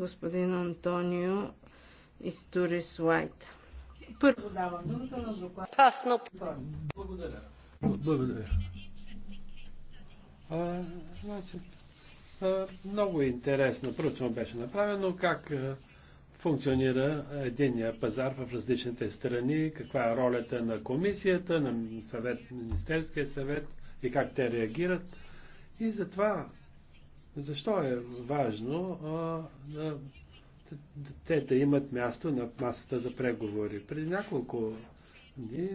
господин Антонио Историс Лайт. Първо давам думата на доклад. Пасно. Благодаря. Благодаря. А, значи, а, много интересно проучване беше направено как а, функционира единния пазар в различните страни, каква е ролята на комисията, на съвет, Министерския съвет и как те реагират. И затова защо е важно а, да, те да имат място на масата за преговори? Преди няколко дни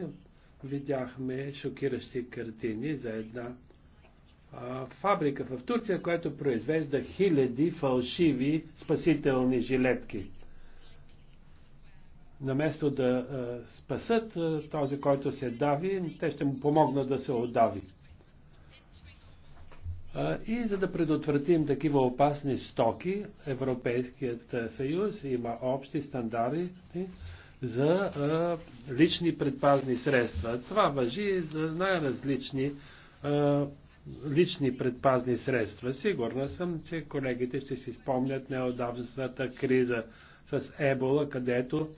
видяхме шокиращи картини за една а, фабрика в Турция, която произвежда хиляди фалшиви спасителни жилетки. Наместо да а, спасат а, този, който се дави, те ще му помогнат да се отдави. И за да предотвратим такива опасни стоки, Европейският съюз има общи стандарти за лични предпазни средства. Това въжи за най-различни лични предпазни средства. Сигурна съм, че колегите ще си спомнят неодавната криза с Ебола, където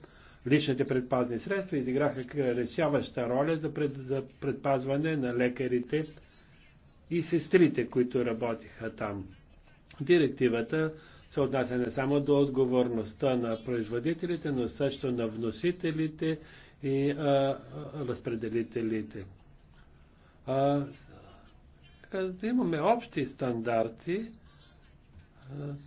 личните предпазни средства изиграха решаваща роля за, за предпазване на лекарите и сестрите, които работиха там. Директивата се отнася не само до отговорността на производителите, но също на вносителите и а, а разпределителите. А, като имаме общи стандарти,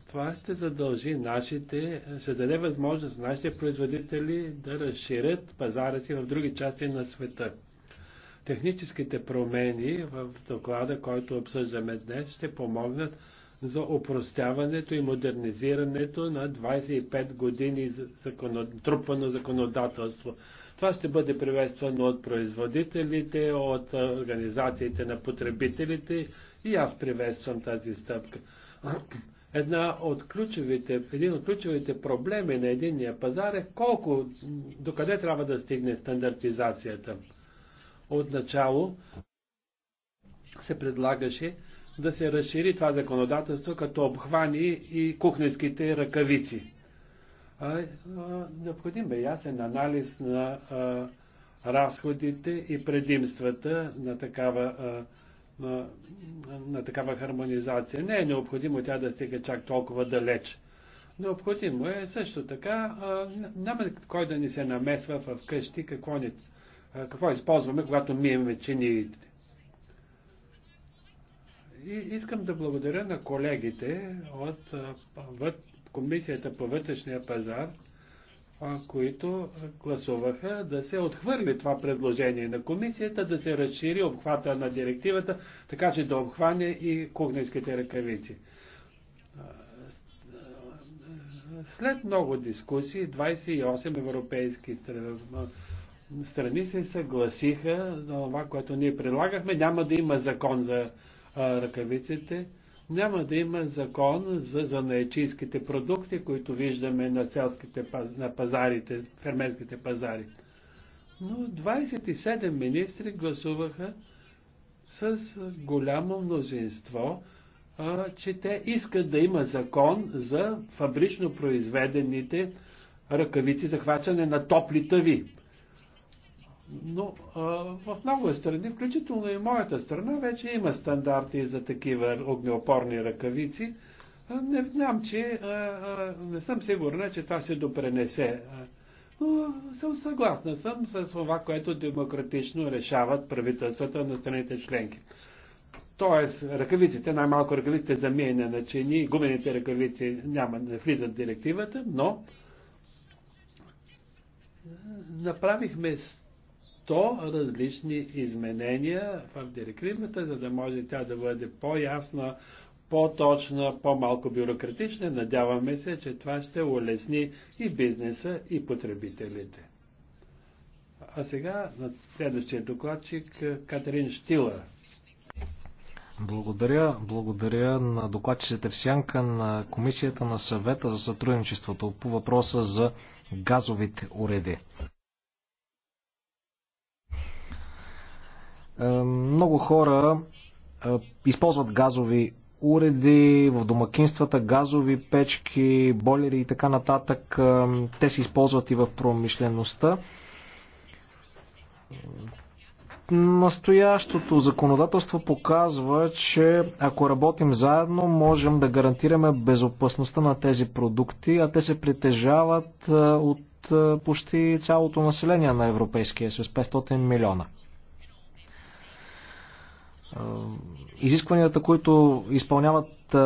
това ще задължи нашите, ще даде възможност нашите производители да разширят пазара си в други части на света. Техническите промени в доклада, който обсъждаме днес, ще помогнат за упростяването и модернизирането на 25 години законод... трупано законодателство. Това ще бъде приветствано от производителите, от организациите на потребителите и аз приветствам тази стъпка. Една от ключовите, един от ключовите проблеми на единния пазар е колко, докъде трябва да стигне стандартизацията отначало се предлагаше да се разшири това законодателство, като обхвани и кухненските ръкавици. А, а, необходим е ясен анализ на а, разходите и предимствата на такава, а, на, на такава хармонизация. Не е необходимо тя да стига чак толкова далеч. Необходимо е също така, а, няма кой да ни се намесва в къщи, какво ни какво използваме, когато мием чиниите. И искам да благодаря на колегите от Комисията по вътрешния пазар, които гласуваха да се отхвърли това предложение на комисията, да се разшири обхвата на директивата, така че да обхване и кухненските ръкавици. След много дискусии, 28 европейски страни, страни се съгласиха на това, което ние предлагахме. Няма да има закон за а, ръкавиците, няма да има закон за наечийските продукти, които виждаме на селските на пазарите, фермерските пазари. Но 27 министри гласуваха с голямо мнозинство, а, че те искат да има закон за фабрично произведените ръкавици за хващане на топли тъви. Но а, в много страни, включително и моята страна, вече има стандарти за такива огнеопорни ръкавици. А, не знам, че а, а, не съм сигурна, че това ще допренесе. А, но съм съгласна съм с това, което демократично решават правителствата на страните членки. Тоест, ръкавиците, най-малко ръкавиците за миене на чини, гумените ръкавици няма, не влизат в директивата, но направихме 100 различни изменения в директивата, за да може тя да бъде по-ясна, по-точна, по-малко бюрократична. Надяваме се, че това ще улесни и бизнеса, и потребителите. А сега на следващия докладчик е, Катерин Штила. Благодаря, благодаря на докладчиците в сянка на Комисията на съвета за сътрудничеството по въпроса за газовите уреди. Е, много хора е, използват газови уреди, в домакинствата, газови печки, бойлери и така нататък. Е, те се използват и в промишлеността. Настоящото законодателство показва, че ако работим заедно, можем да гарантираме безопасността на тези продукти, а те се притежават от почти цялото население на Европейския съюз 500 милиона. Е, изискванията, които изпълняват е,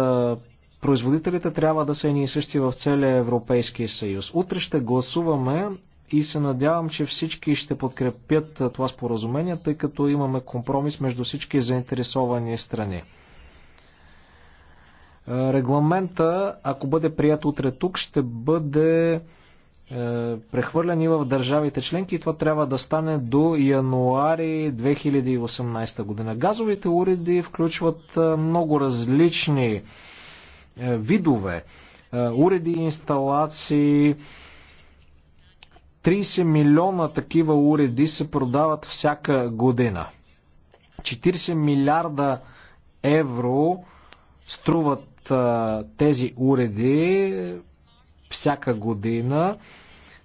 производителите, трябва да са едни и същи в целия Европейския съюз. Утре ще гласуваме и се надявам, че всички ще подкрепят е, това споразумение, тъй като имаме компромис между всички заинтересовани страни. Регламента, ако бъде прият утре тук, ще бъде е, прехвърляни в държавите членки и това трябва да стане до януари 2018 година. Газовите уреди включват е, много различни е, видове уреди и инсталации. 30 милиона такива уреди се продават всяка година. 40 милиарда евро струват тези уреди всяка година.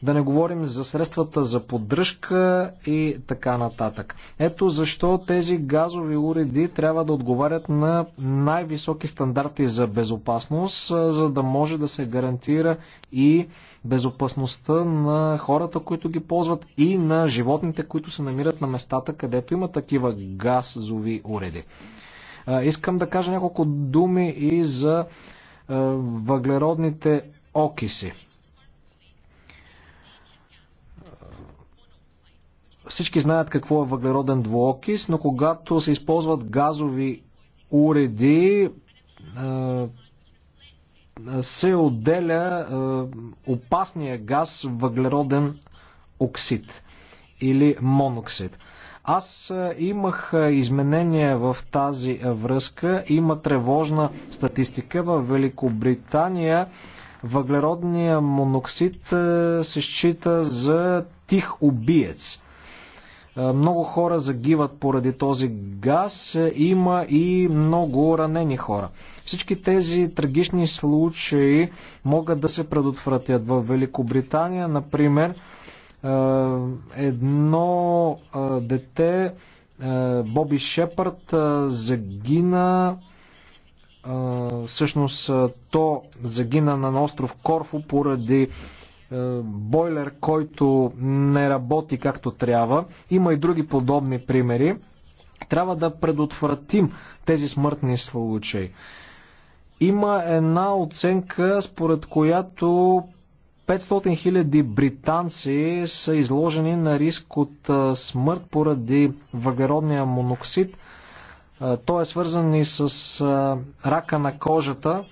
Да не говорим за средствата за поддръжка и така нататък. Ето защо тези газови уреди трябва да отговарят на най-високи стандарти за безопасност, за да може да се гарантира и безопасността на хората, които ги ползват и на животните, които се намират на местата, където има такива газови уреди. Искам да кажа няколко думи и за въглеродните окиси. Всички знаят какво е въглероден двуокис, но когато се използват газови уреди, се отделя опасния газ въглероден оксид или моноксид. Аз имах изменения в тази връзка. Има тревожна статистика. В Великобритания Въглеродния моноксид е, се счита за тих убиец. Е, много хора загиват поради този газ. Е, има и много ранени хора. Всички тези трагични случаи могат да се предотвратят. В Великобритания, например, едно дете, Боби Шепард, загина всъщност то загина на остров Корфу поради бойлер, който не работи както трябва. Има и други подобни примери. Трябва да предотвратим тези смъртни случаи. Има една оценка, според която 500 000 британци са изложени на риск от смърт поради въглеродния моноксид – той е свързан и с рака на кожата.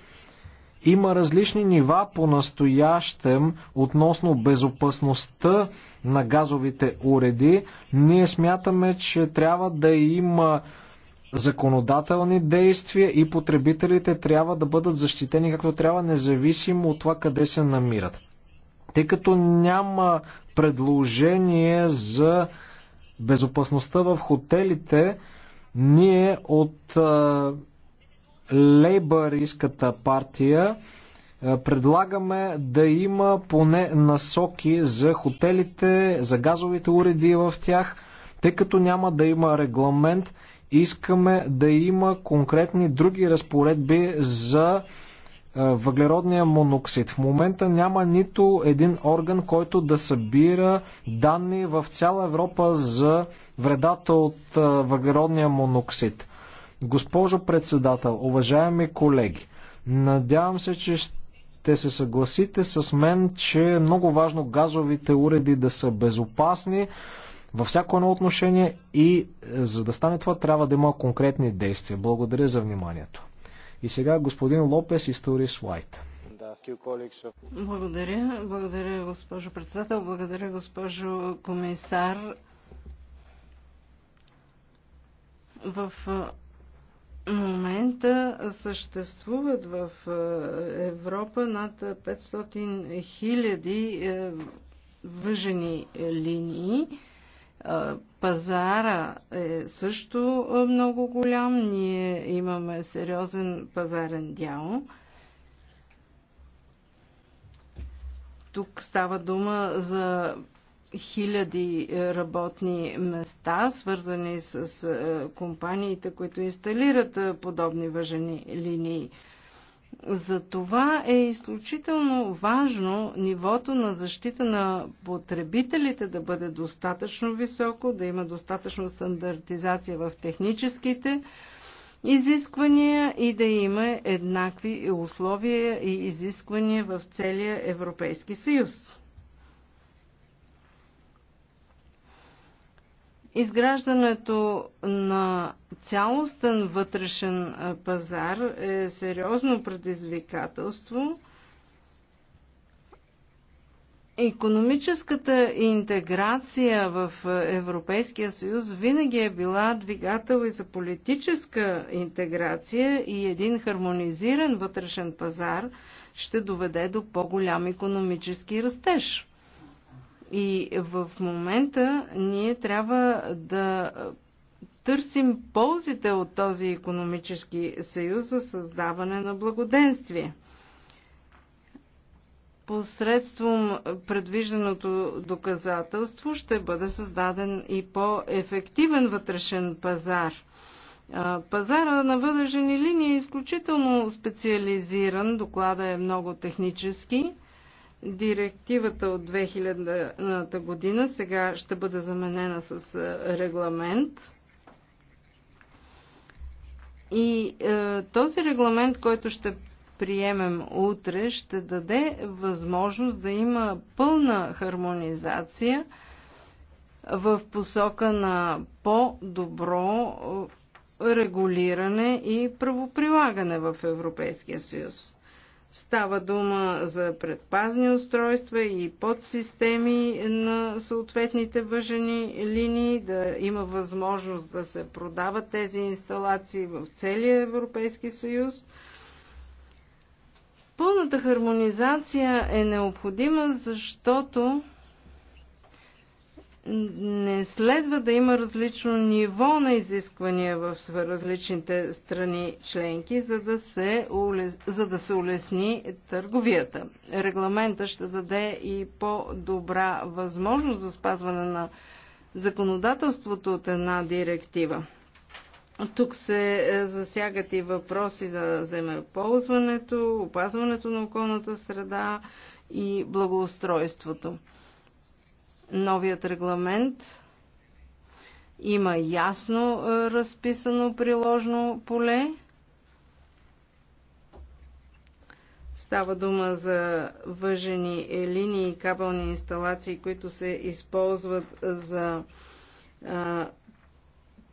Има различни нива по настоящем относно безопасността на газовите уреди. Ние смятаме, че трябва да има законодателни действия и потребителите трябва да бъдат защитени както трябва, независимо от това къде се намират. Тъй като няма предложение за безопасността в хотелите, ние от лейбаристската партия предлагаме да има поне насоки за хотелите, за газовите уреди в тях, тъй като няма да има регламент, искаме да има конкретни други разпоредби за въглеродния моноксид. В момента няма нито един орган, който да събира данни в цяла Европа за вредата от въглеродния моноксид. Госпожо председател, уважаеми колеги, надявам се, че ще се съгласите с мен, че е много важно газовите уреди да са безопасни във всяко едно отношение и е, за да стане това трябва да има конкретни действия. Благодаря за вниманието. И сега господин Лопес и Сторис Уайт. Благодаря. Благодаря, госпожо председател. Благодаря, госпожо комисар. В момента съществуват в Европа над 500 хиляди е, въжени линии. Пазара е също много голям. Ние имаме сериозен пазарен дял. Тук става дума за хиляди е, работни места, свързани с е, компаниите, които инсталират е, подобни въжени линии. За това е изключително важно нивото на защита на потребителите да бъде достатъчно високо, да има достатъчно стандартизация в техническите изисквания и да има еднакви условия и изисквания в целия Европейски съюз. Изграждането на цялостен вътрешен пазар е сериозно предизвикателство. Економическата интеграция в Европейския съюз винаги е била двигател и за политическа интеграция и един хармонизиран вътрешен пазар ще доведе до по-голям економически растеж. И в момента ние трябва да търсим ползите от този економически съюз за създаване на благоденствие. Посредством предвижданото доказателство ще бъде създаден и по-ефективен вътрешен пазар. Пазара на въдържени линии е изключително специализиран, доклада е много технически – Директивата от 2000-та година сега ще бъде заменена с регламент. И е, този регламент, който ще приемем утре, ще даде възможност да има пълна хармонизация в посока на по-добро регулиране и правоприлагане в Европейския съюз. Става дума за предпазни устройства и подсистеми на съответните въжени линии, да има възможност да се продават тези инсталации в целия Европейски съюз. Пълната хармонизация е необходима, защото не следва да има различно ниво на изисквания в различните страни членки, за да се, улес... за да се улесни търговията. Регламента ще даде и по-добра възможност за спазване на законодателството от една директива. Тук се е, засягат и въпроси за земеползването, опазването на околната среда и благоустройството. Новият регламент има ясно е, разписано приложно поле. Става дума за въжени е, линии и кабелни инсталации, които се използват за а,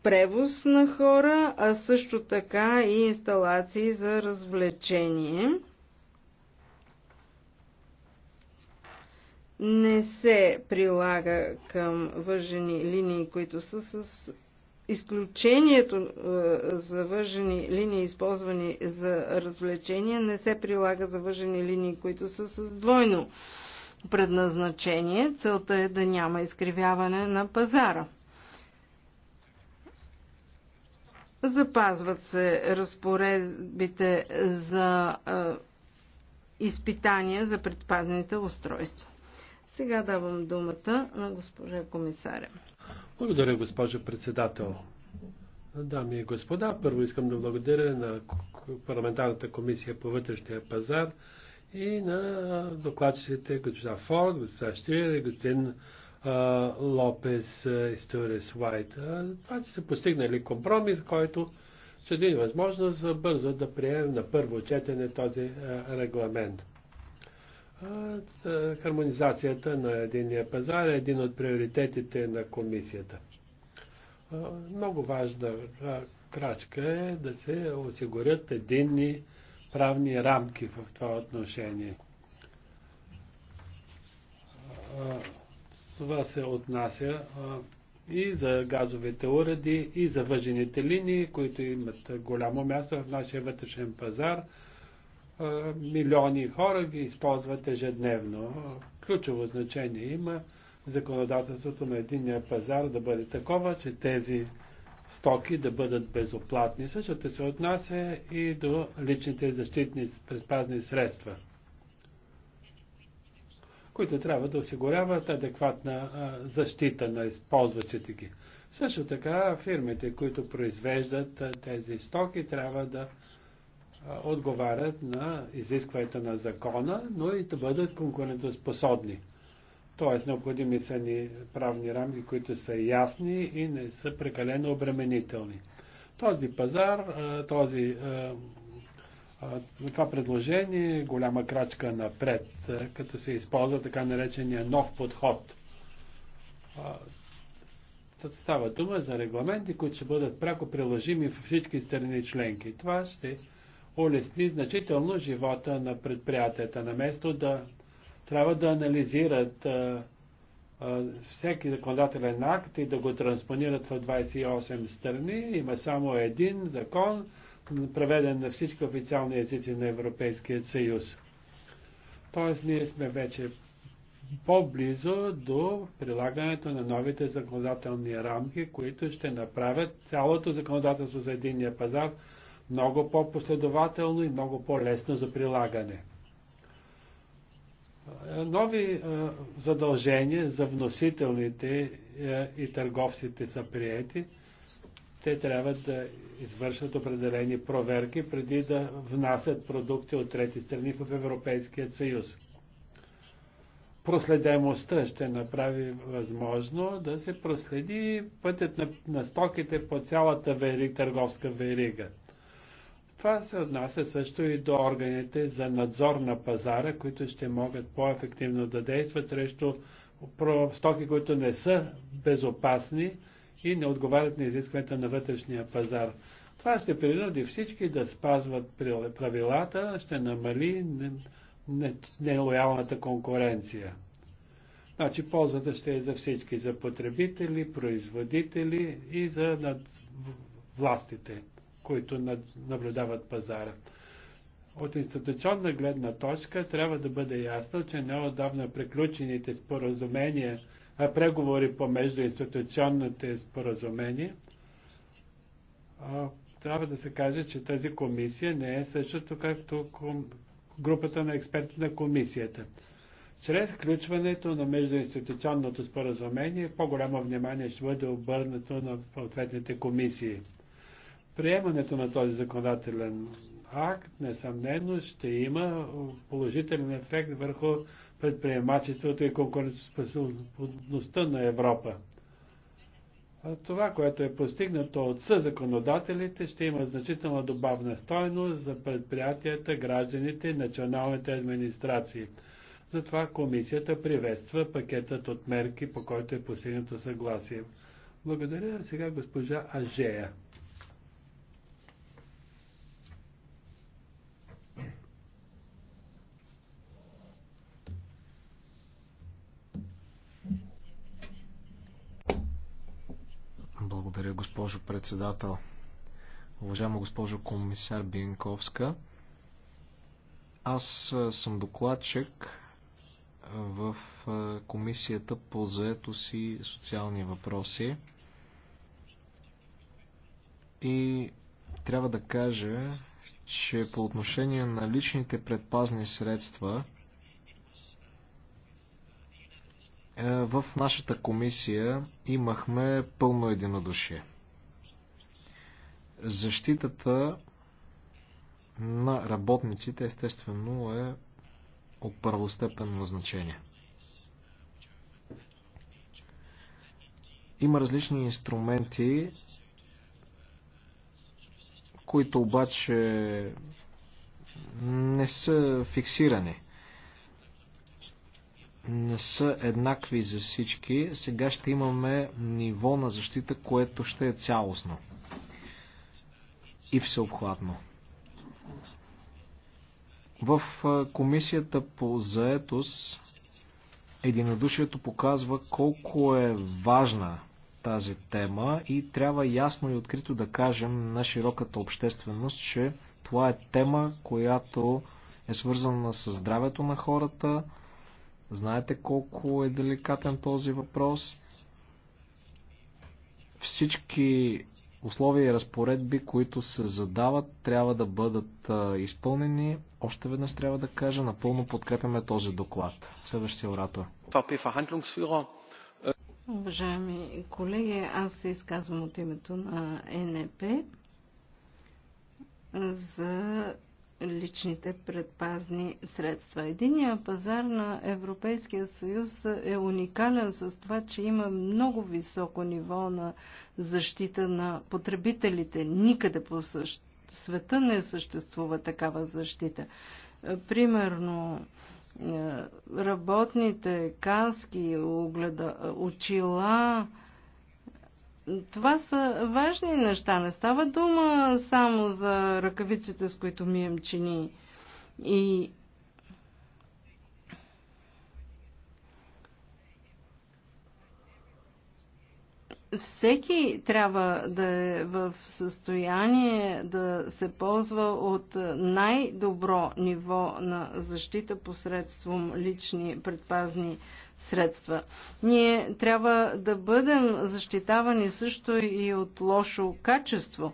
превоз на хора, а също така и инсталации за развлечение. не се прилага към въжени линии, които са с изключението е, за въжени линии, използвани за развлечения. не се прилага за въжени линии, които са с двойно предназначение. Целта е да няма изкривяване на пазара. Запазват се разпоредбите за е, изпитания за предпазните устройства. Сега давам думата на госпожа комисаря. Благодаря, госпожа председател. Дами и господа, първо искам да благодаря на парламентарната комисия по вътрешния пазар и на докладчиците госпожа Форд, госпожа Штир и господин Лопес и Уайт. Това, че са постигнали компромис, който ще даде възможност бързо да приемем на първо четене този регламент. Е, хармонизацията на единния пазар е един от приоритетите на комисията. Много важна крачка е да се осигурят единни правни рамки в това отношение. Това се отнася и за газовите уреди, и за въжените линии, които имат голямо място в нашия вътрешен пазар милиони хора ги използват ежедневно. Ключово значение има законодателството на единния пазар да бъде такова, че тези стоки да бъдат безоплатни. Същото се отнася и до личните защитни предпазни средства, които трябва да осигуряват адекватна защита на използващите ги. Също така фирмите, които произвеждат тези стоки, трябва да отговарят на изискването на закона, но и да бъдат конкурентоспособни. Тоест, необходими са ни правни рамки, които са ясни и не са прекалено обременителни. Този пазар, този, това предложение е голяма крачка напред, като се използва така наречения нов подход. Става дума за регламенти, които ще бъдат пряко приложими във всички страни членки. Това ще улесни значително живота на предприятията, на место да трябва да анализират а, а, всеки законодателен акт и да го транспонират в 28 страни. Има само един закон, преведен на всички официални езици на Европейския съюз. Тоест ние сме вече по-близо до прилагането на новите законодателни рамки, които ще направят цялото законодателство за единния пазар много по-последователно и много по-лесно за прилагане. Е, нови е, задължения за вносителните е, и търговците са приети. Те трябва да извършват определени проверки преди да внасят продукти от трети страни в Европейския съюз. Проследемостта ще направи възможно да се проследи пътят на, на стоките по цялата вери, търговска верига. Това се отнася също и до органите за надзор на пазара, които ще могат по-ефективно да действат срещу стоки, които не са безопасни и не отговарят на изискването на вътрешния пазар. Това ще принуди всички да спазват правилата, ще намали нелоялната конкуренция. Значи ползата ще е за всички, за потребители, производители и за над властите които наблюдават пазара. От институционна гледна точка трябва да бъде ясно, че неодавна приключените споразумения, а преговори между институционните споразумения, а, трябва да се каже, че тази комисия не е същото както ком... групата на експерти на комисията. Чрез включването на междуинституционното споразумение по-голямо внимание ще бъде обърнато на съответните комисии. Приемането на този законодателен акт, несъмнено, ще има положителен ефект върху предприемачеството и конкурентоспособността на Европа. А това, което е постигнато от съзаконодателите, ще има значителна добавна стойност за предприятията, гражданите и националните администрации. Затова комисията приветства пакетът от мерки, по който е постигнато съгласие. Благодаря сега госпожа Ажея. Благодаря, госпожо председател. Уважаема госпожо комисар Бинковска, аз съм докладчик в Комисията по заето си социални въпроси и трябва да кажа, че по отношение на личните предпазни средства, Е, в нашата комисия имахме пълно единодушие. Защитата на работниците естествено е от първостепенно значение. Има различни инструменти, които обаче не са фиксирани не са еднакви за всички, сега ще имаме ниво на защита, което ще е цялостно и всеобхватно. В комисията по заетост единодушието показва колко е важна тази тема и трябва ясно и открито да кажем на широката общественост, че това е тема, която е свързана с здравето на хората, Знаете колко е деликатен този въпрос. Всички условия и разпоредби, които се задават, трябва да бъдат изпълнени. Още веднъж трябва да кажа, напълно подкрепяме този доклад. Следващия оратор. Уважаеми колеги, аз се изказвам от името на НП за личните предпазни средства. Единия пазар на Европейския съюз е уникален с това, че има много високо ниво на защита на потребителите. Никъде по света не съществува такава защита. Е, примерно, е, работните каски, огледа, очила, е, това са важни неща. Не става дума само за ръкавиците, с които мием чини. И всеки трябва да е в състояние да се ползва от най-добро ниво на защита посредством лични предпазни средства. Ние трябва да бъдем защитавани също и от лошо качество.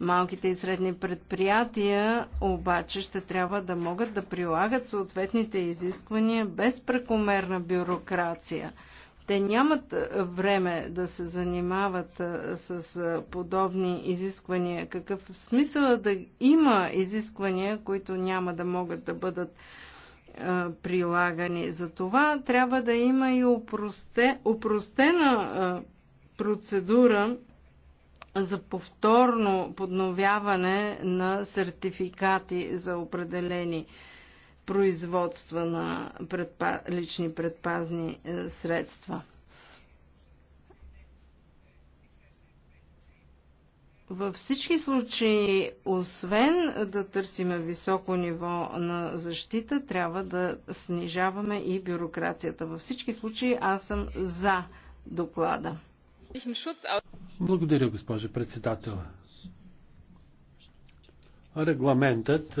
Малките и средни предприятия обаче ще трябва да могат да прилагат съответните изисквания без прекомерна бюрокрация. Те нямат време да се занимават с подобни изисквания. Какъв смисъл да има изисквания, които няма да могат да бъдат прилагани. За това трябва да има и упросте, упростена процедура за повторно подновяване на сертификати за определени производства на предпа... лични предпазни е, средства. Във всички случаи, освен да търсиме високо ниво на защита, трябва да снижаваме и бюрокрацията. Във всички случаи аз съм за доклада. Благодаря, госпожо председател. Регламентът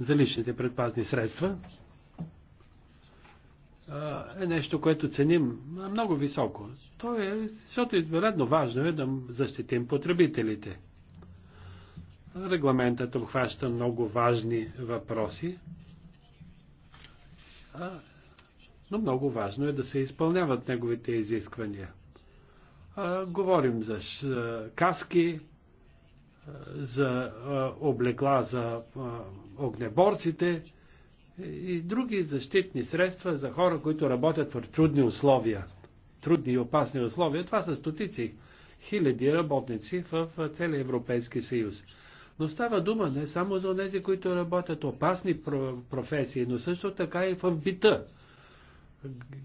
за личните предпазни средства е нещо, което ценим много високо. То е, защото извънредно важно е да защитим потребителите. Регламентът обхваща много важни въпроси, но много важно е да се изпълняват неговите изисквания. Говорим за каски, за облекла за огнеборците и други защитни средства за хора, които работят в трудни условия, трудни и опасни условия. Това са стотици хиляди работници в целия Европейски съюз. Но става дума не само за тези, които работят опасни професии, но също така и в бита.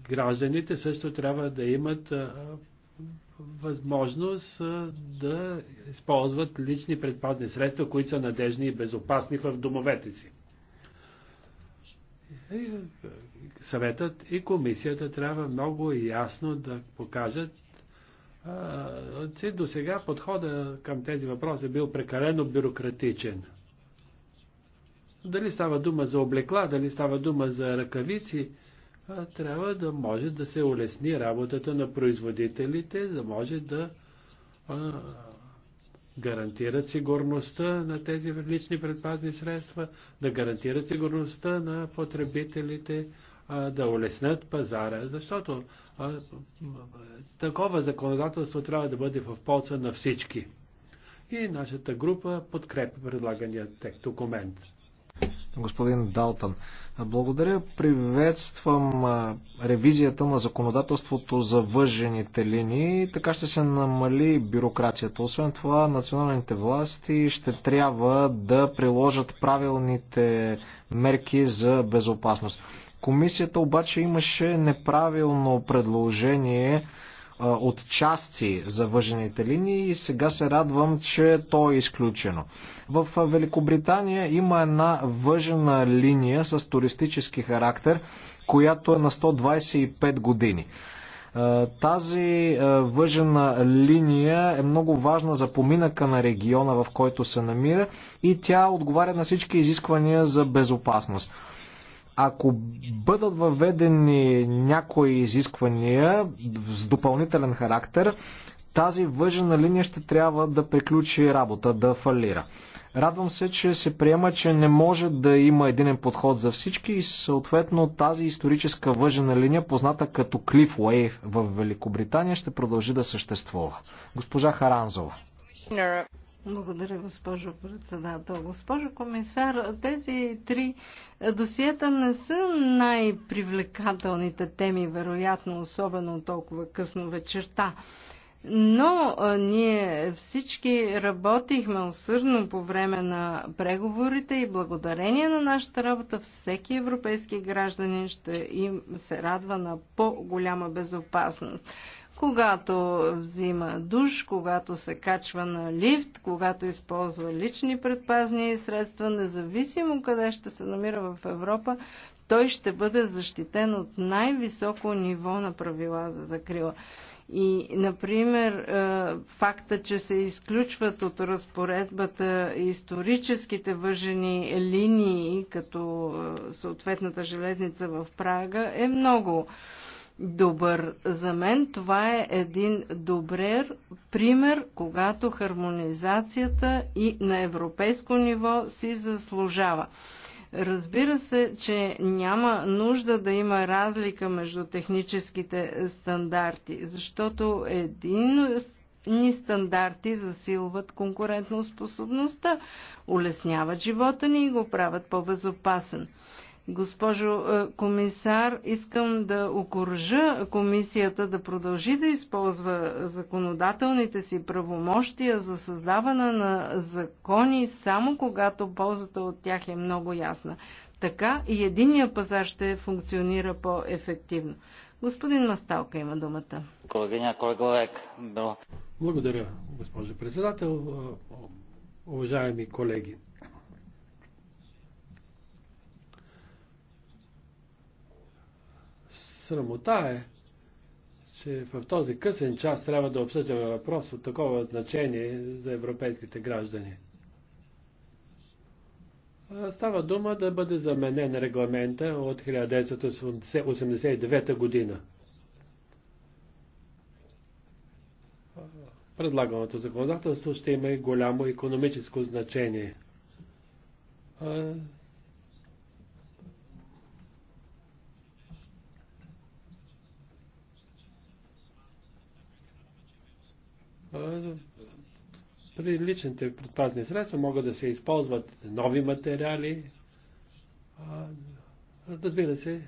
Гражданите също трябва да имат възможност да използват лични предпазни средства, които са надежни и безопасни в домовете си. Съветът и комисията трябва много ясно да покажат, че до сега подхода към тези въпроси е бил прекалено бюрократичен. Дали става дума за облекла, дали става дума за ръкавици, трябва да може да се улесни работата на производителите, да може да гарантират сигурността на тези лични предпазни средства, да гарантират сигурността на потребителите, да улеснят пазара, защото такова законодателство трябва да бъде в полца на всички. И нашата група подкрепи предлагания документ господин Далтън. Благодаря, приветствам ревизията на законодателството за въжените линии. Така ще се намали бюрокрацията. Освен това, националните власти ще трябва да приложат правилните мерки за безопасност. Комисията обаче имаше неправилно предложение от части за въжените линии и сега се радвам, че то е изключено. В Великобритания има една въжена линия с туристически характер, която е на 125 години. Тази въжена линия е много важна за поминъка на региона, в който се намира и тя отговаря на всички изисквания за безопасност. Ако бъдат въведени някои изисквания с допълнителен характер, тази въжена линия ще трябва да приключи работа, да фалира. Радвам се, че се приема, че не може да има единен подход за всички и съответно тази историческа въжена линия, позната като Cliff Wave в Великобритания, ще продължи да съществува. Госпожа Харанзова. Благодаря, госпожо председател. Госпожо комисар, тези три досиета не са най-привлекателните теми, вероятно, особено толкова късно вечерта. Но а, ние всички работихме усърдно по време на преговорите и благодарение на нашата работа всеки европейски гражданин ще им се радва на по-голяма безопасност когато взима душ, когато се качва на лифт, когато използва лични предпазни средства, независимо къде ще се намира в Европа, той ще бъде защитен от най-високо ниво на правила за закрила. И, например, е, факта, че се изключват от разпоредбата историческите въжени линии, като е, съответната железница в Прага, е много добър. За мен това е един добър пример, когато хармонизацията и на европейско ниво си заслужава. Разбира се, че няма нужда да има разлика между техническите стандарти, защото един ни стандарти засилват конкурентоспособността, улесняват живота ни и го правят по-безопасен. Госпожо е, комисар, искам да окоръжа комисията да продължи да използва законодателните си правомощия за създаване на закони, само когато ползата от тях е много ясна. Така и единия пазар ще функционира по-ефективно. Господин Масталка има думата. Колегиня Колеговек. Благодаря, госпожо председател. Уважаеми колеги, Срамота е, че в този късен час трябва да обсъждаме въпрос от такова значение за европейските граждани. Става дума да бъде заменен регламента от 1989 година. Предлаганото законодателство ще има и голямо економическо значение. Е, при личните предпазни средства могат да се използват нови материали. Разбира се,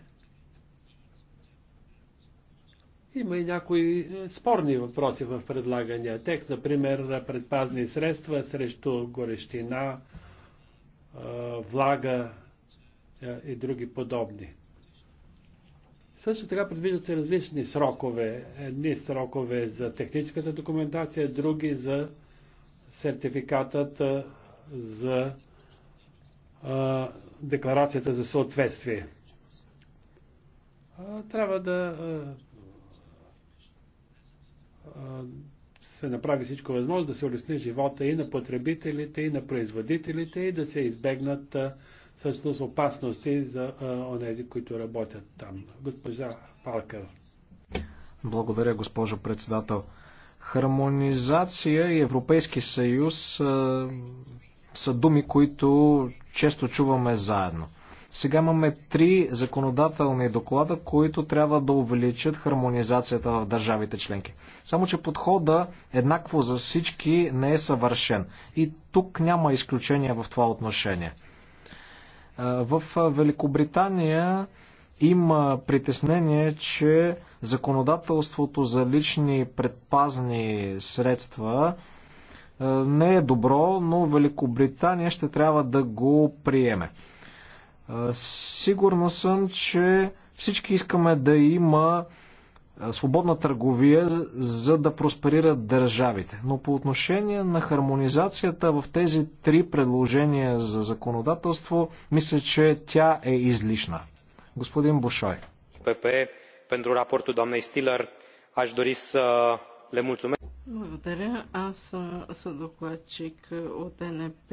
има и някои е, спорни въпроси в предлагания текст, например предпазни средства срещу горещина, влага е, и други подобни. Също така предвиждат се различни срокове. Едни срокове за техническата документация, други за сертификатът за а, декларацията за съответствие. А, трябва да а, се направи всичко възможно да се улесни живота и на потребителите, и на производителите, и да се избегнат всъщност опасности за онези, които работят там. Госпожа Палкър. Благодаря, госпожо председател. Хармонизация и Европейски съюз а, са думи, които често чуваме заедно. Сега имаме три законодателни доклада, които трябва да увеличат хармонизацията в държавите членки. Само, че подхода еднакво за всички не е съвършен. И тук няма изключение в това отношение. В Великобритания има притеснение, че законодателството за лични предпазни средства не е добро, но Великобритания ще трябва да го приеме. Сигурна съм, че всички искаме да има е, свободна търговия, за да просперират държавите. Но по отношение на хармонизацията в тези три предложения за законодателство, мисля, че тя е излишна. Господин Бушой. ПП, pentru рапорту домна Stiller, aș dori să le mulțumesc. Благодаря. Аз съм докладчик от НП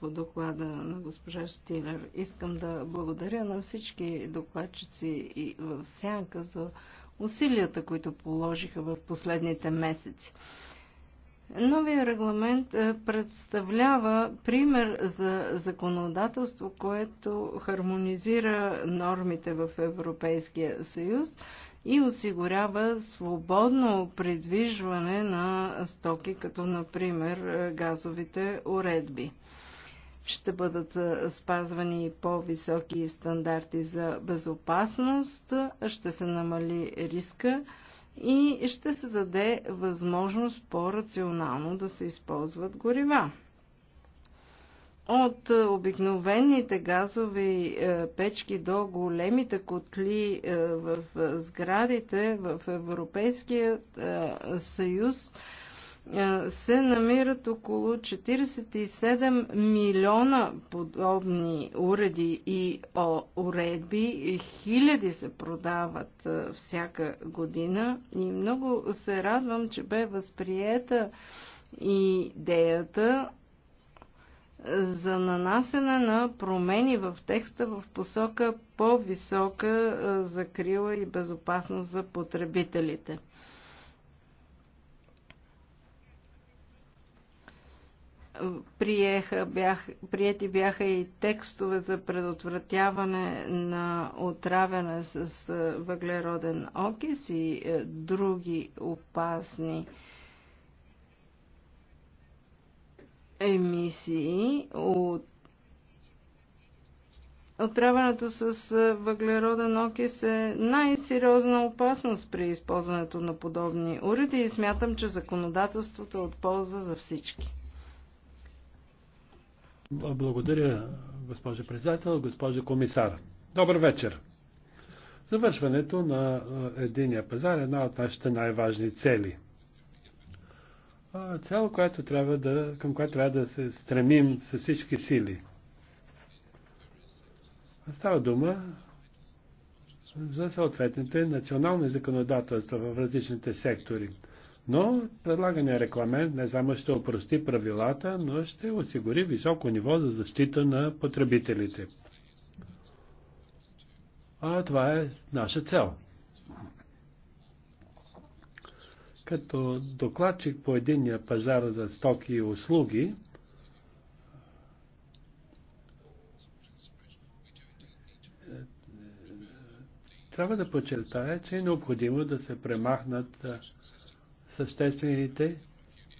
по доклада на госпожа Штилер. Искам да благодаря на всички докладчици и в сянка за усилията, които положиха в последните месеци. Новия регламент е, представлява пример за законодателство, което хармонизира нормите в Европейския съюз и осигурява свободно придвижване на стоки, като например е, газовите уредби ще бъдат спазвани по-високи стандарти за безопасност, ще се намали риска и ще се даде възможност по-рационално да се използват горива. От обикновените газови печки до големите котли в сградите в Европейския съюз, се намират около 47 милиона подобни уреди и уредби. Хиляди се продават всяка година и много се радвам, че бе възприета идеята за нанасене на промени в текста в посока по-висока закрила и безопасност за потребителите. приеха, бях, прияти бяха и текстове за предотвратяване на отравяне с въглероден окис и други опасни емисии от Отравянето с въглероден окис е най-сериозна опасност при използването на подобни уреди и смятам, че законодателството е от полза за всички. Благодаря, госпожо председател, госпожо комисар. Добър вечер. Завършването на единия пазар е една от нашите най-важни цели. Цел, която трябва да, към която трябва да се стремим с всички сили. Става дума за съответните национални законодателства в различните сектори. Но предлагания рекламент не само ще опрости правилата, но ще осигури високо ниво за защита на потребителите. А това е наша цел. Като докладчик по единния пазар за стоки и услуги, трябва да подчертая, че е необходимо да се премахнат съществените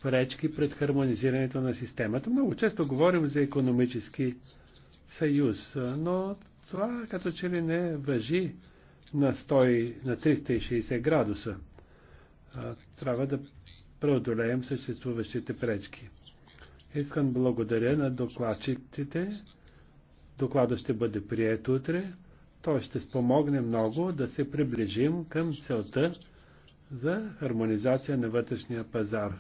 пречки пред хармонизирането на системата. Много често говорим за економически съюз, но това като че ли не въжи на, 100, на 360 градуса. Трябва да преодолеем съществуващите пречки. Искам благодаря на докладчиците. Докладът ще бъде прият утре. Той ще спомогне много да се приближим към целта за хармонизация на вътрешния пазар.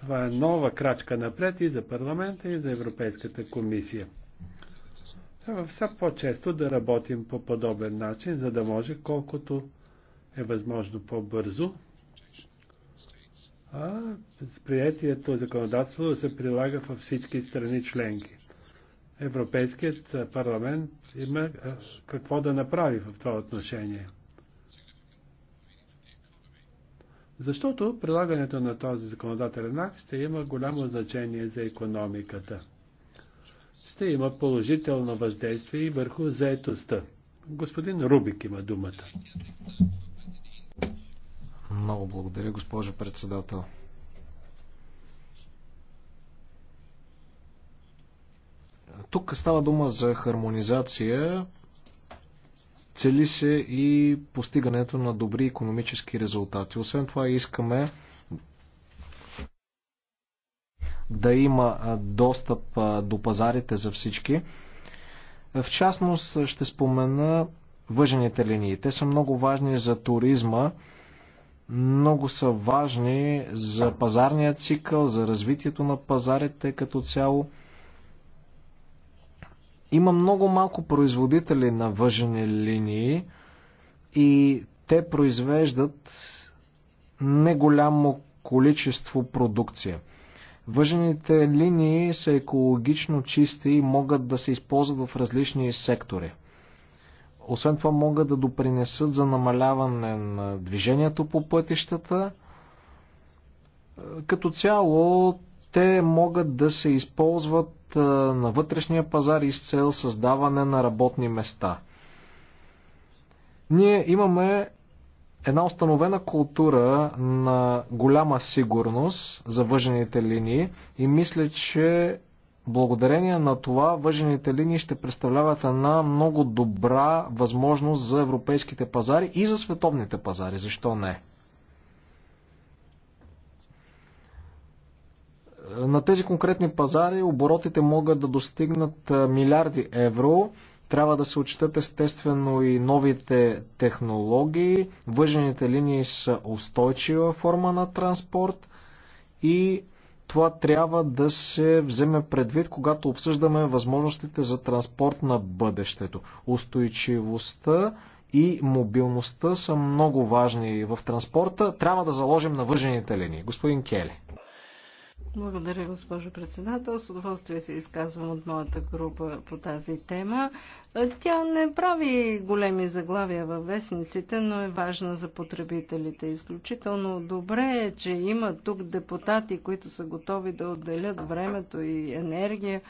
Това е нова крачка напред и за парламента, и за Европейската комисия. Трябва все по-често да работим по подобен начин, за да може колкото е възможно по-бързо а приятието законодателство да се прилага във всички страни членки. Европейският парламент има какво да направи в това отношение. Защото прилагането на този законодателен акт ще има голямо значение за економиката. Ще има положително въздействие и върху заетостта. Господин Рубик има думата. Много благодаря, госпожо председател. Тук става дума за хармонизация Цели се и постигането на добри економически резултати. Освен това искаме да има достъп до пазарите за всички. В частност ще спомена въжените линии. Те са много важни за туризма, много са важни за пазарния цикъл, за развитието на пазарите като цяло. Има много малко производители на въжени линии и те произвеждат неголямо количество продукция. Въжените линии са екологично чисти и могат да се използват в различни сектори. Освен това могат да допринесат за намаляване на движението по пътищата. Като цяло те могат да се използват на вътрешния пазар и с цел създаване на работни места. Ние имаме една установена култура на голяма сигурност за въжените линии и мисля, че благодарение на това въжените линии ще представляват една много добра възможност за европейските пазари и за световните пазари. Защо не? На тези конкретни пазари оборотите могат да достигнат милиарди евро. Трябва да се отчитат естествено и новите технологии. Въжените линии са устойчива форма на транспорт и това трябва да се вземе предвид, когато обсъждаме възможностите за транспорт на бъдещето. Устойчивостта и мобилността са много важни в транспорта. Трябва да заложим на въжените линии. Господин Кели. Благодаря, госпожо председател. С удоволствие се изказвам от моята група по тази тема. Тя не прави големи заглавия във вестниците, но е важна за потребителите. Изключително добре е, че има тук депутати, които са готови да отделят времето и енергия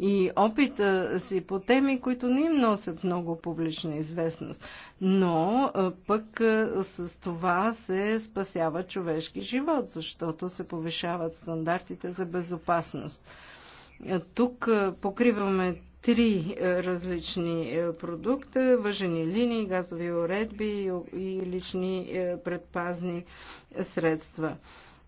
и опита си по теми, които не им носят много публична известност. Но пък с това се спасява човешки живот, защото се повишават стандартите за безопасност. Тук покриваме три различни продукта въжени линии, газови уредби и лични предпазни средства.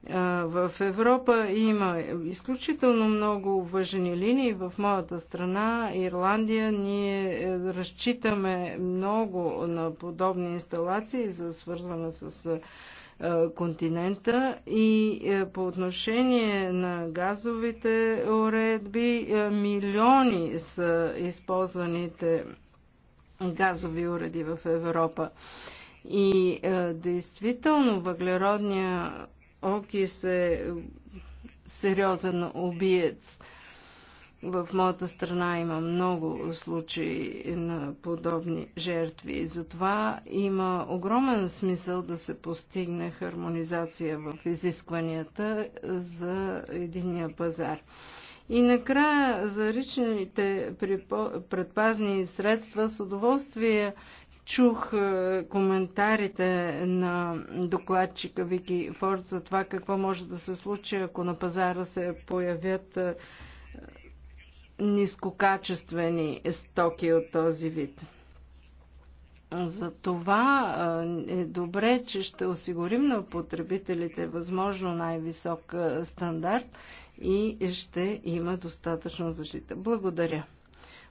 В Европа има изключително много уважени линии. В моята страна, Ирландия, ние е, разчитаме много на подобни инсталации за свързване с е, континента и е, по отношение на газовите уредби милиони са използваните газови уреди в Европа. И действително въглеродния Окис е сериозен обиец. В моята страна има много случаи на подобни жертви. Затова има огромен смисъл да се постигне хармонизация в изискванията за единия пазар. И накрая за ричните предпазни средства с удоволствие Чух е, коментарите на докладчика Вики Форд за това какво може да се случи, ако на пазара се появят е, нискокачествени стоки от този вид. За това е, е добре, че ще осигурим на потребителите възможно най-висок стандарт и ще има достатъчно защита. Благодаря.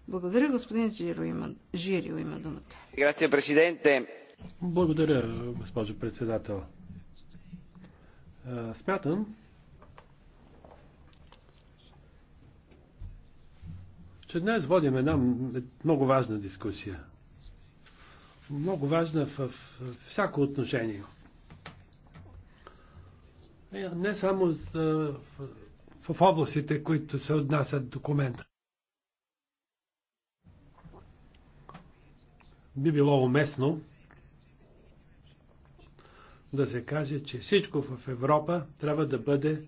Благодаря, господин Жирио има, Жирио има думата. Грация, президенте. Благодаря, госпожо председател. Е, смятам, че днес водим една много важна дискусия. Много важна в, всяко отношение. Е, не само в, в областите, които се отнасят документа. би било уместно да се каже, че всичко в Европа трябва да бъде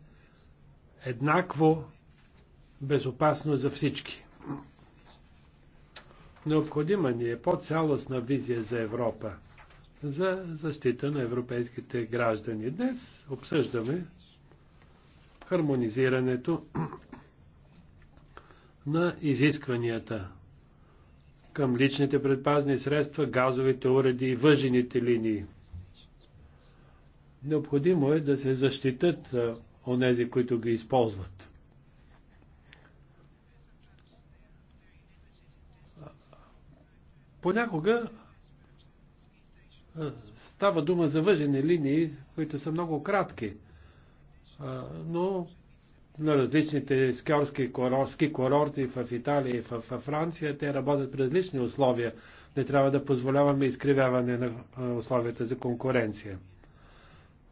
еднакво безопасно за всички. Необходима ни е по-цялостна визия за Европа, за защита на европейските граждани. Днес обсъждаме хармонизирането на изискванията към личните предпазни средства, газовите уреди и въжените линии. Необходимо е да се защитат онези, които ги използват. Понякога става дума за въжени линии, които са много кратки, но на различните скалски курорски курорти в Италия и в, в Франция. Те работят при различни условия. Не трябва да позволяваме изкривяване на условията за конкуренция.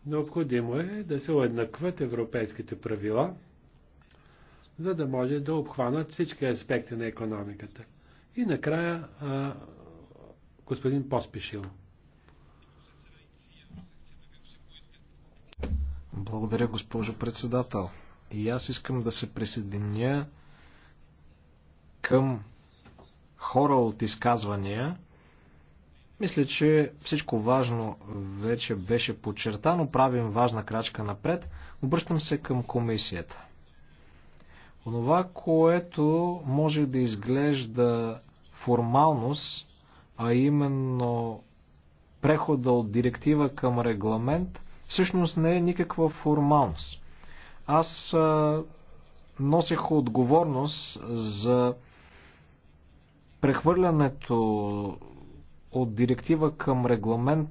Необходимо е да се уеднакват европейските правила, за да може да обхванат всички аспекти на економиката. И накрая а, господин Поспешил. Благодаря, госпожо председател. И аз искам да се присъединя към хора от изказвания. Мисля, че всичко важно вече беше подчертано. Правим важна крачка напред. Обръщам се към комисията. Онова, което може да изглежда формалност, а именно прехода от директива към регламент, всъщност не е никаква формалност. Аз носех отговорност за прехвърлянето от директива към регламент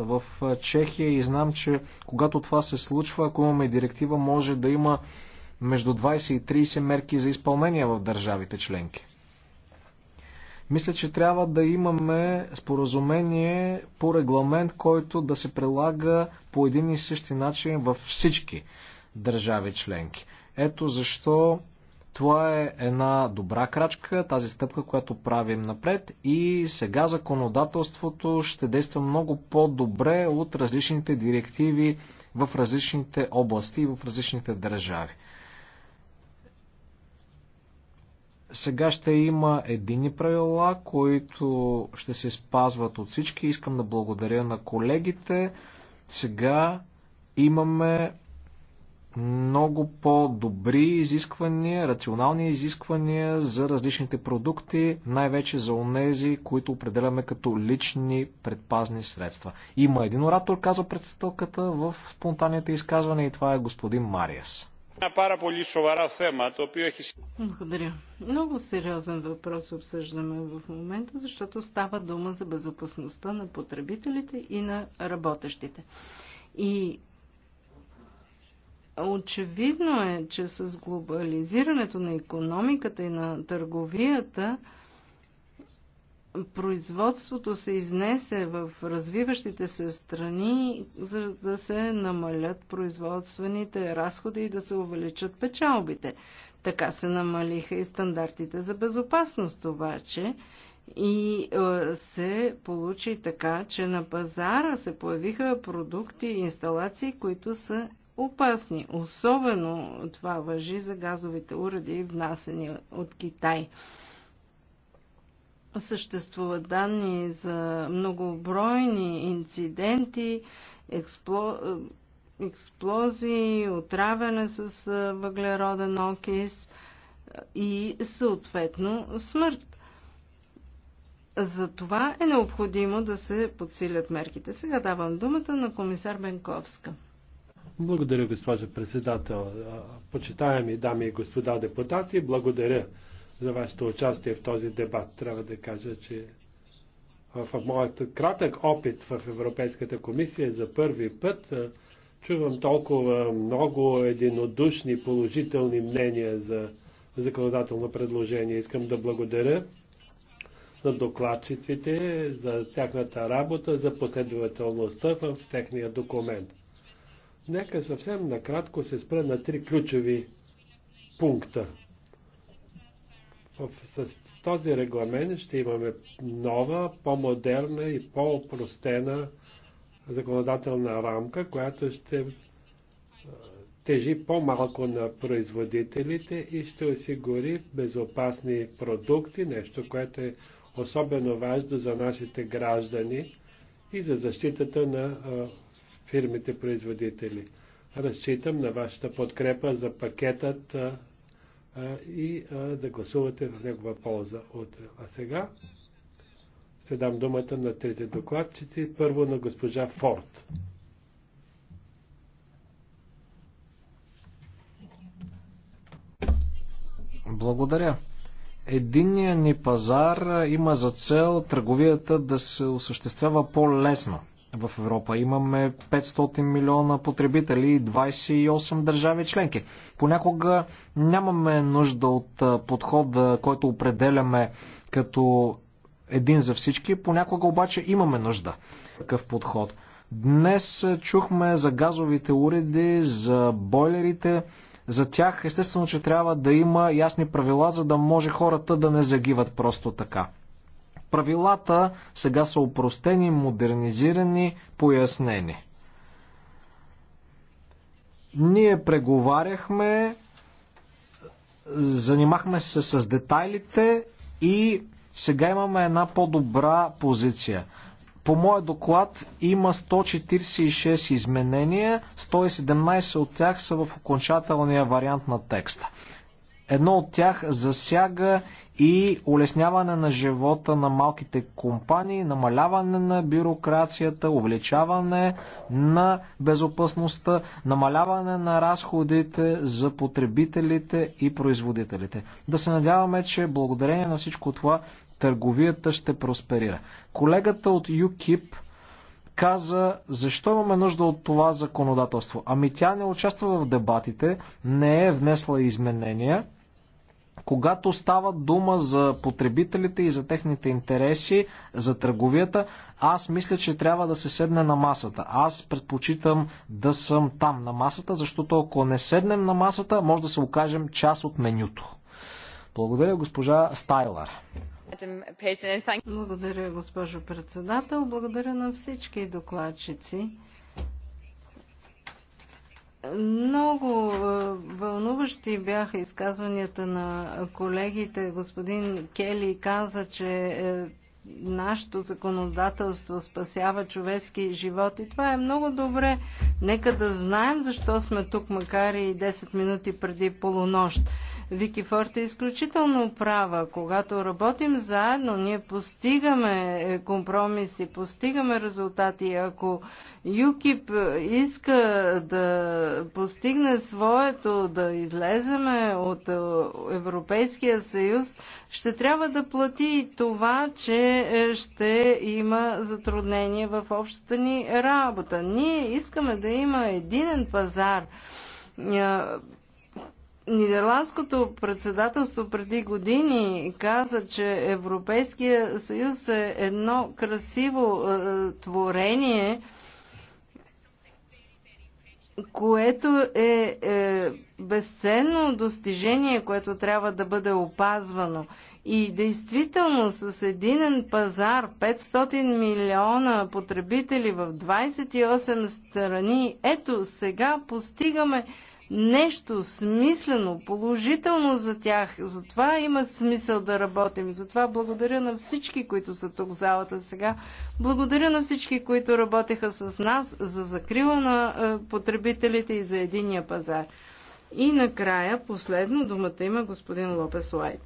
в Чехия и знам, че когато това се случва, ако имаме директива, може да има между 20 и 30 мерки за изпълнение в държавите членки. Мисля, че трябва да имаме споразумение по регламент, който да се прилага по един и същи начин във всички държави членки. Ето защо това е една добра крачка, тази стъпка, която правим напред и сега законодателството ще действа много по-добре от различните директиви в различните области и в различните държави. Сега ще има едини правила, които ще се спазват от всички. Искам да благодаря на колегите. Сега имаме много по-добри изисквания, рационални изисквания за различните продукти, най-вече за онези, които определяме като лични предпазни средства. Има един оратор, казва председателката в спонтанните изказване, и това е господин Мариас. Е Благодаря. Много сериозен въпрос обсъждаме в момента, защото става дума за безопасността на потребителите и на работещите. И Очевидно е, че с глобализирането на економиката и на търговията производството се изнесе в развиващите се страни, за да се намалят производствените разходи и да се увеличат печалбите. Така се намалиха и стандартите за безопасност обаче и е, се получи така, че на пазара се появиха продукти и инсталации, които са опасни. Особено това въжи за газовите уреди, внасени от Китай. Съществуват данни за многобройни инциденти, експло... експлозии, отравяне с въглероден окис и съответно смърт. За това е необходимо да се подсилят мерките. Сега давам думата на комисар Бенковска. Благодаря, госпожо председател. Почитаеми дами и господа депутати, благодаря за вашето участие в този дебат. Трябва да кажа, че в моят кратък опит в Европейската комисия за първи път чувам толкова много единодушни положителни мнения за законодателно предложение. Искам да благодаря на докладчиците за тяхната работа, за последователността в техния документ. Нека съвсем накратко се спра на три ключови пункта. В, с този регламент ще имаме нова, по-модерна и по-опростена законодателна рамка, която ще тежи по-малко на производителите и ще осигури безопасни продукти, нещо, което е особено важно за нашите граждани и за защитата на фирмите производители. Разчитам на вашата подкрепа за пакетът а, и а, да гласувате в негова полза утре. А сега ще дам думата на трите докладчици. Първо на госпожа Форд. Благодаря. Единният ни пазар има за цел търговията да се осъществява по-лесно в Европа. Имаме 500 милиона потребители и 28 държави членки. Понякога нямаме нужда от подхода, който определяме като един за всички, понякога обаче имаме нужда такъв подход. Днес чухме за газовите уреди, за бойлерите. За тях естествено, че трябва да има ясни правила, за да може хората да не загиват просто така. Правилата сега са упростени, модернизирани, пояснени. Ние преговаряхме, занимахме се с детайлите и сега имаме една по-добра позиция. По моя доклад има 146 изменения, 117 от тях са в окончателния вариант на текста. Едно от тях засяга и улесняване на живота на малките компании, намаляване на бюрокрацията, увеличаване на безопасността, намаляване на разходите за потребителите и производителите. Да се надяваме, че благодарение на всичко това търговията ще просперира. Колегата от UKIP каза, защо имаме нужда от това законодателство? Ами тя не участва в дебатите, не е внесла изменения когато става дума за потребителите и за техните интереси, за търговията, аз мисля, че трябва да се седне на масата. Аз предпочитам да съм там на масата, защото ако не седнем на масата, може да се окажем част от менюто. Благодаря, госпожа Стайлар. Благодаря, госпожо председател. Благодаря на всички докладчици. Много вълнуващи бяха изказванията на колегите. Господин Кели каза, че е, нашето законодателство спасява човешки живот и това е много добре. Нека да знаем защо сме тук, макар и 10 минути преди полунощ. Вики Форт е изключително права. Когато работим заедно, ние постигаме е, компромиси, постигаме резултати. Ако ЮКИП е, иска да постигне своето, да излеземе от е, Европейския съюз, ще трябва да плати това, че ще има затруднение в общата ни работа. Ние искаме да има единен пазар Нидерландското председателство преди години каза, че Европейския съюз е едно красиво е, творение, което е, е безценно достижение, което трябва да бъде опазвано. И действително с единен пазар 500 милиона потребители в 28 страни, ето сега постигаме нещо смислено, положително за тях. Затова има смисъл да работим. Затова благодаря на всички, които са тук в залата сега. Благодаря на всички, които работеха с нас за закрила на е, потребителите и за единия пазар. И накрая, последно, думата има господин Лопес Лайт.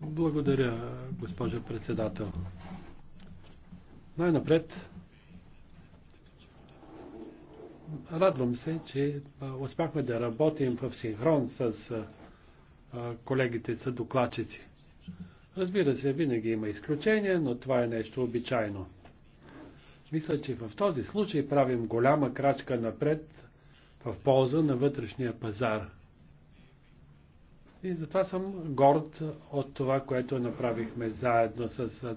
Благодаря, госпожа председател. Най-напред Радвам се, че успяхме да работим в синхрон с колегите са докладчици. Разбира се, винаги има изключения, но това е нещо обичайно. Мисля, че в този случай правим голяма крачка напред в полза на вътрешния пазар. И затова съм горд от това, което направихме заедно с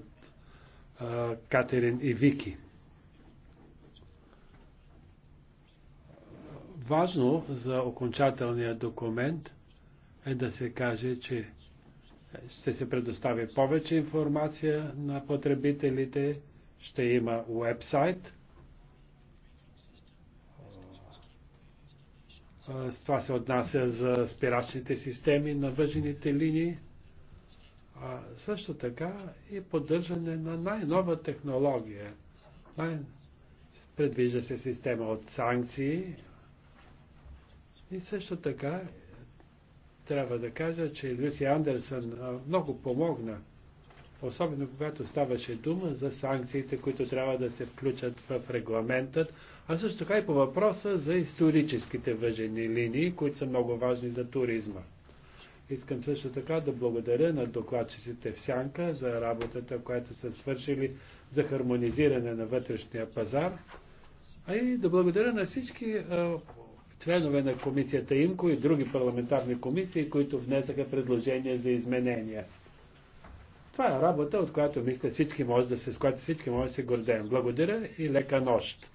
Катерин и Вики. Важно за окончателния документ е да се каже, че ще се предостави повече информация на потребителите, ще има уебсайт. Това се отнася за спирачните системи на въжените линии. А също така и поддържане на най-нова технология. Предвижда се система от санкции и също така трябва да кажа, че Люси Андерсън много помогна, особено когато ставаше дума за санкциите, които трябва да се включат в регламентът, а също така и по въпроса за историческите въжени линии, които са много важни за туризма. Искам също така да благодаря на докладчиците в Сянка за работата, която са свършили за хармонизиране на вътрешния пазар, а и да благодаря на всички членове на комисията ИМКО и други парламентарни комисии, които внесаха предложения за изменения. Това е работа, от която мисля всички може да се, с която всички може да се гордеем. Благодаря и лека нощ!